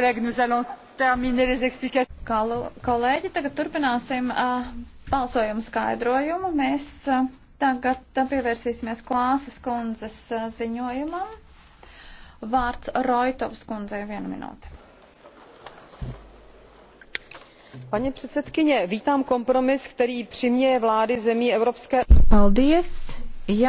Nu, kolēģi, tagad turpināsim balsojumu skaidrojumu. Mēs tagad pievērsīsimies klāsas kundzes ziņojumam. Vārds Roitovs kundzei vienu minūti. Paņi předsedkyně, vítám kompromis, který přiměje vlády zemí Evropské... Paldies! Jā.